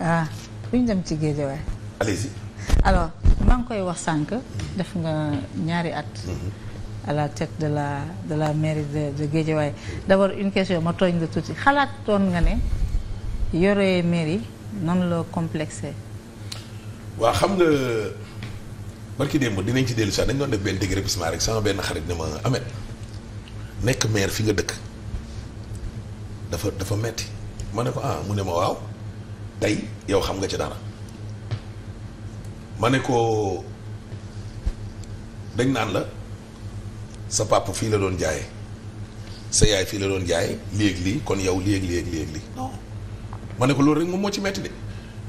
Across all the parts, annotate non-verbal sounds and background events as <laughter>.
ah duñ dem ci géejawaay. allez-y. alors maa ngi koy wax sànq def nga ñaari at. Mhm. à la tête de la de la mairie de de Guédiawaye d'abord une question ma tooñ la tuuti xalaatoon nga ne yore mairie noonu la complexé. waa xam nga barki bu dinañ ci dellu sax dañ doon def benn déguerpissement rek sama benn xarit ne ma amet nekk maire fi nga dëkk dafa dafa metti ma ko ah mu ne ma waaw. tey yow xam nga ci dara ma ne ko dañ naan la sa papa fii la doon jaayee sa yaay fii la doon jaayee léegi li kon yow léegi léegi léegi lii ma ne ko loolu rek moom moo ci metti de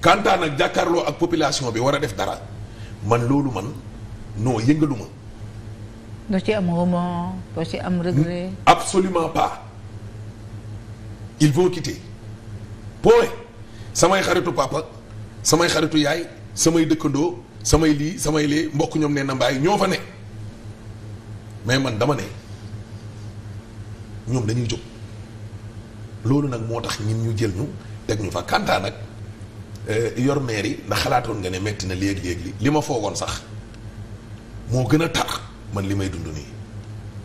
quant ak nag jàkkaarloo ak population bi war a def dara man loolu man non yëngalu ma. ci am remords doo regret. absolument pas ils vont quitter samay xaritu papa samay xaritu yaay samay dëkkandoo samay lii samay lee mbokk ñoom nee na mbaay ñoo fa ne mais man dama ne ñoom dañuy jóg loolu nag moo tax ñun ñu jël ñu teg ñu fa kantaa nag eh, yor maire yi ndax xalaatoon nga ne metti na léeg-léeg li li ma foogoon sax moo gën a tar man li may dund nii.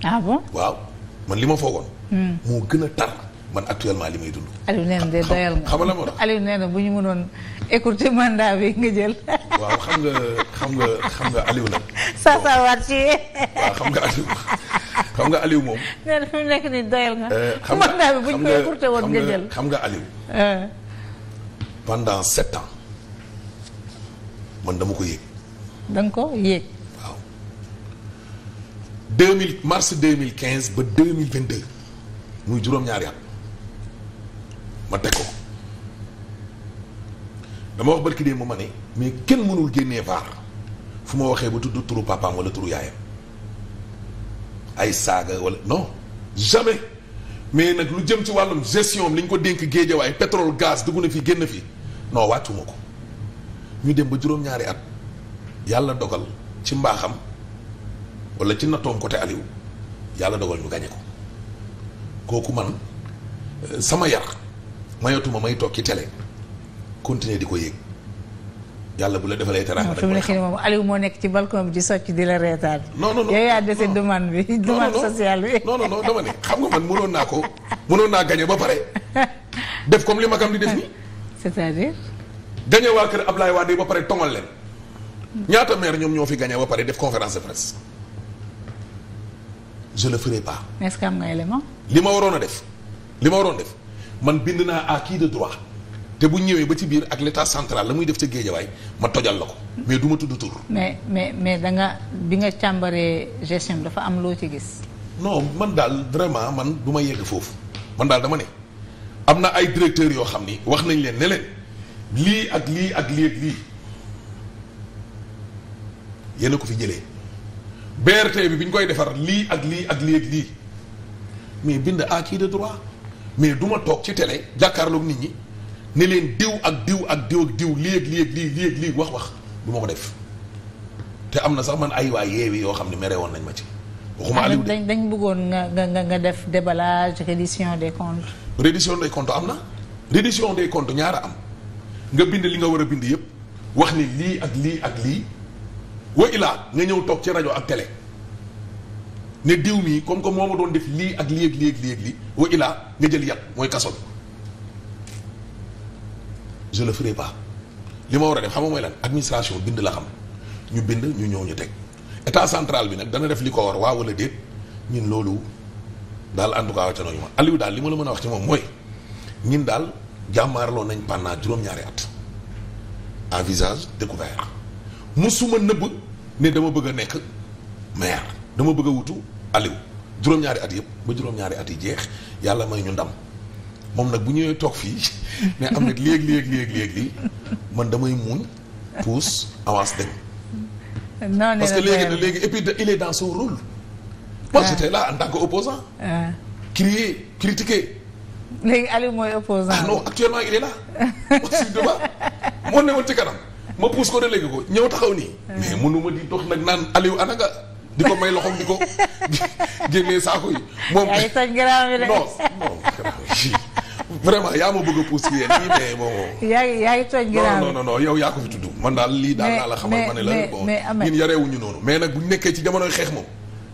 Ah waaw man li ma foogoon. Hmm. moo gën a tar. man actuellement li may dund. Aliou nee na de doyal nga xam nga la nee na ñu mënoon écourter mandat bi xam nga xam nga xam nga Aliou nag. saa saa waat ci. waaw xam nga Aliou xam nga Aliou moom. nee fi mu nekk nii doyal nga. Euh, xam nga mandat bi bu ñu ko écourter woon nga jël xam nga Aliou. Euh. pendant sept ans man dama ko yéeg. da nga ko yéeg. waaw deux mille mars deux mille quinze ba deux mille muy juróom-ñaari at. ma teg ko dama wax barki dee mu ma ne mais kenn mënul génnee vaar fu ma waxee ba tudd turu papam wala turu yaayam ay saaga walla non jamais mais nag lu jëm ci wàllum gestion li ñu ko dénk géeje waaye pétrole gas dugg na fi génn fi non wàccuma ko ñu dem ba juróom-ñaari at yàlla dogal ci mbaaxam wala ci nattoom côté Aliou yàlla dogal ñu gañe ko kooku man sama yar mayatuma may toog ci télé continuer di ko yéeg yàlla bu la defalee teraanga fi mu nekk nii moom moo nekk ci balcon bi di socc di la reetaan non non non yow yaa dese demande bi demande sociale bi non non non dama xam nga man mënoon naa ko mënoon naa gañe ba pare def comme li magam di def nii c'est-à-dire gañe ba pare tongal leen ñaata maire ñoom ñoo fi gañe ba pare def conférence de presse je le ferai pas mais est-ce que am nga élément li ma waroon a def li ma waroon def man bind naa à kii de droit te bu ñëwee ba ci biir ak l' état la muy def ca géejawaay ma tojal la ko mais du ma tudd tur. mais mais mais da nga bi nga càmbaree gestion dafa am loo ci gis. non man daal vraiment man du ma yegg foofu man daal dama ne am na ay directeurs yoo xam ni wax nañ leen ne lii ak lii ak lii ak lii yéen ko fi jëlee BRT bi bi ñu koy defar lii ak lii ak lii ak lii mais bind à qui de droit. mais du ma toog ci télé jàkkaarloog nit ñi ne leen diw ak diw ak diw ak diw lii ak lii lii ak lii wax wax du ma ko def te am na sax man ay waa yeewi yoo xam ne mere woon nañ ma ci. waxuma ah, Aliou de dañ bëggoon nga nga nga def déballage reddition des comptes. reddition des comptes am na reddition des comptes ñaara am nga bind li nga war a bind yëpp wax ni lii ak lii ak lii wa ilaa nga ñëw toog ci rajo ak télé. ne diw mii comme que moo ma doon def lii ak lii ak lii ak lii ak lii wa ilaa nga jël yat mooy kaso bi le ferai pas li ma war a def xam nga mooy lan administration bind la xam ñu bind ñu ñëw ñu teg état central bi nag dana def li ko war waa wala déet ñun loolu daal en tout cas wàcce nañu ma daal li ma la mën a wax ci moom mooy ñun daal jàmmaarloo nañ pendant juróom-ñaari at à visage découvert musuma nëbb ne dama bëgg a nekk dama bëgg a wutu Aliou juróom-ñaari at yëpp ba juróom-ñaari at yi jeex yàlla may ñu ndam moom nag bu ñëwee toog fii <laughs> mais am na léegi léegi léegi léegi lii man damay muuñ pousse avance dem. non parce que léegi léegi et puis ah. ah. crier critiquer. léegi Aliou mooy opposant ah non actuellement il est là. aussi <laughs> devant moo newoon ci kanam ma pousse ko de léegi ko ñëw taxaw nii. Ah. mais mënu ma di dox nag naan Aliou ana di ko may loxoom di ko <laughs> génnee saako yi. moom yaa ngi toj garaaw yaa ma bëgg a pousse yéen nii mais bon. yaa ngi yaa ngi toj garaaw non non non yow yaa ko fi daal lii daal laa la xamal ne la bon ñun yarewuñu noonu. mais nag bu ñu nekkee ci jamonoy xeex moom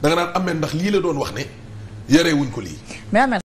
da nga naan amee ndax lii la doon wax ne yarewuñ ko lii.